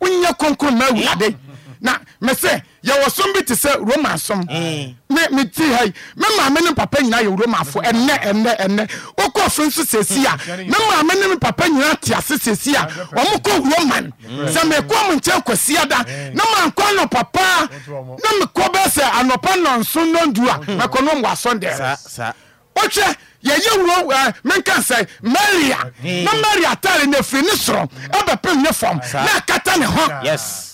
wonya kɔnkɔn ma awurade na mɛsɛ yɛwɔ som bi te sɛ roma som eh. me meti ha yi me maame ne papa nyinaa yɛ romafo ɛnɛ ɛnɛ ɛnɛ wokɔ so nso sɛsi a hmm. me maame ne papa nyinaa te ase sɛsi a ah, ɔmokɔ roman sɛ mekɔ mo nkyɛn kɔsia da eh. na mankɔ anɔpa paa na mekɔ bɛ sɛ anɔpa nɔnso nɔndu a mɛkɔ no mwɔ asɔndɛ wohwɛ yɛyɛ wuro ɛ menka na maria tare na firi ne soro mm. ɛbɛpem ne fam na akata ne ho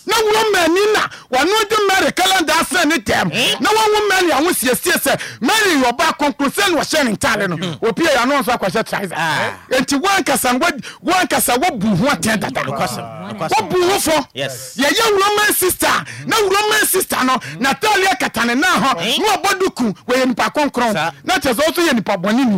na wuro mani na wɔno de mary kalenda asɛn ne tɛm eh? na wɔwo mary aho siesie sɛ mary yɛ ɔba kronkron sɛ ne wɔhyɛ ne ntare no opie yɛ ano nso akɔhyɛ trisa ah. enti woankasa woankasa wobu ho atɛn dada wobu ho fo yɛyɛ wuro man sister na mm-hmm. wuro man sister no mm-hmm. natale akata ne eh? na ho na wɔbɔ duku wɔyɛ nipa kronkron na kyɛ sɛ wo so nipa bɔne ni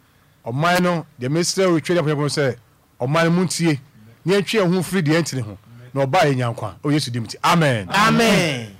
ɔman no deɛ mesrɛ wotwa ne apɔnyɛpɔn sɛ ɔman no mu ntie na yɛntwe yɛn firi deɛ ɛntene ho na ɔba yɛ nyankwa ɔwɔ yesu dim amen amen